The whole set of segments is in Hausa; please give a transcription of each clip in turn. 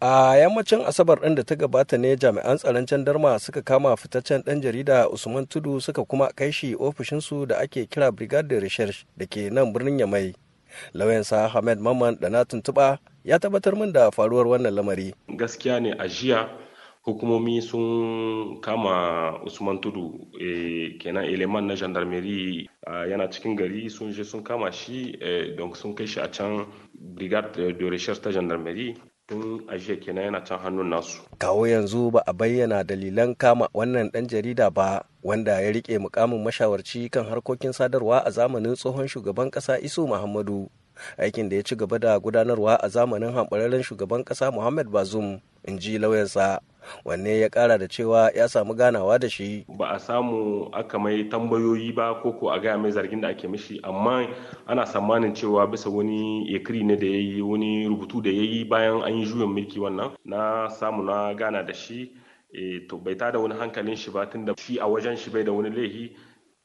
a yammacin asabar ɗin da ta gabata ne jami'an tsaron candarma suka kama fitaccen ɗan jarida usman tudu suka kuma kai shi ofishinsu da ake kira brigade recherche da ke nan birnin yamai lauyansa hamed mamman da na tuntuɓa ya tabbatar min da faruwar wannan lamari gaskiya ne a jiya hukumomi sun kama usman tudu eh, kenan eleman na gendarmerie yana cikin gari sun je sun kama shi e, eh, don sun kai shi a can brigade de recherche ta gendarmerie tun a kenan yana can hannun nasu. Kawo yanzu ba a bayyana dalilan kama wannan ɗan jarida ba wanda ya rike mukamin mashawarci kan harkokin sadarwa a zamanin tsohon shugaban ƙasa Isu Muhammadu. Aikin da ya ci gaba da gudanarwa a zamanin hamɓararren shugaban ƙasa Muhammad Bazoum in ji lauyansa wanne ya kara da cewa ya samu ganawa da shi ba a samu aka mai tambayoyi ba ko ko a gaya mai zargin da ake mishi amma ana tsammanin cewa bisa wani ekri ne da yayi wani rubutu da yayi bayan an yi juyin mulki wannan na samu na gana da shi eh, to bai tada wani hankalin shi ba tun da shi a wajen shi bai da wani laifi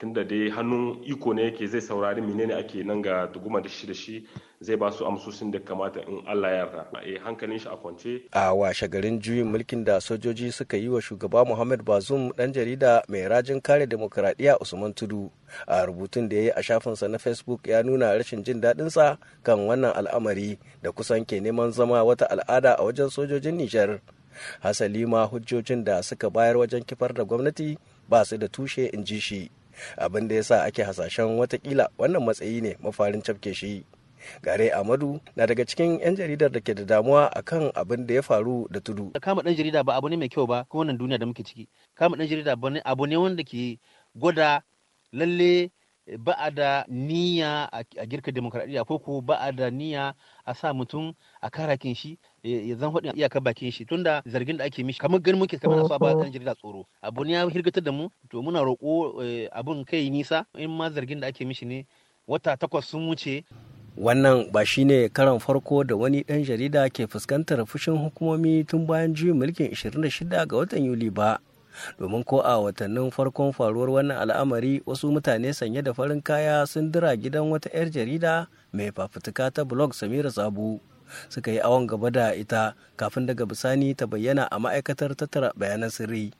tunda dai hannun iko ne yake zai saurari menene ake nan ga duguma da shi da shi zai ba su amsosin da kamata in Allah ya yarda eh hankalin shi a kwance a washe garin juyin mulkin da sojoji suka yi wa shugaba Muhammad Bazoum dan jarida mai rajin kare demokradiya Usman Tudu a rubutun da ya yi a shafin sa na Facebook ya nuna rashin jin daɗin sa kan wannan al'amari da kusan ke neman zama wata al'ada a wajen sojojin Nijar hasali ma hujjojin da suka bayar wajen kifar da gwamnati ba su da tushe in ji shi abin da ya sa ake hasashen watakila wannan matsayi ne mafarin cafke shi gare amadu na daga cikin 'yan jaridar da ke da damuwa akan abin da ya faru da tudu kama dan jarida ba abu ne mai kyau ba ko wannan duniya da muke ciki kama dan jarida abu ne wanda ke gwada lalle ba a da niyya a girka demokradiyya ko ko ba a da niyya a sa mutum a karakin shi ya zan hudu iyaka bakin shi tunda zargin da ake mishi kamar ganin muke kamar a ba kan oh, oh. jirgin tsoro abu ne ya hirgatar da mu to muna roƙo eh, abun kai nisa in ma zargin da ake mishi ne wata takwas sun wuce wannan ba shi ne karan farko da wani ɗan jarida ke fuskantar fushin hukumomi tun bayan juyin mulkin 26 ga watan yuli ba domin ko a watannin farkon faruwar wannan al'amari wasu mutane sanye da farin kaya sun dira gidan wata 'yar jarida mai fafutuka ta blog samira sabu suka yi awon gaba da ita kafin daga bisani ta bayyana a ma'aikatar tattara bayanan sirri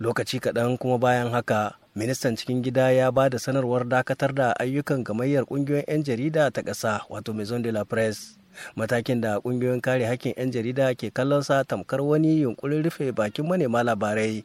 lokaci kaɗan kuma bayan haka ministan cikin gida ya ba da sanarwar dakatar da ayyukan gamayyar ƙungiyoyin 'yan jarida ta ƙasa wato maison de la presse matakin da ƙungiyoyin kare hakkin 'yan jarida ke kallonsa tamkar wani yunkurin rufe bakin manema labarai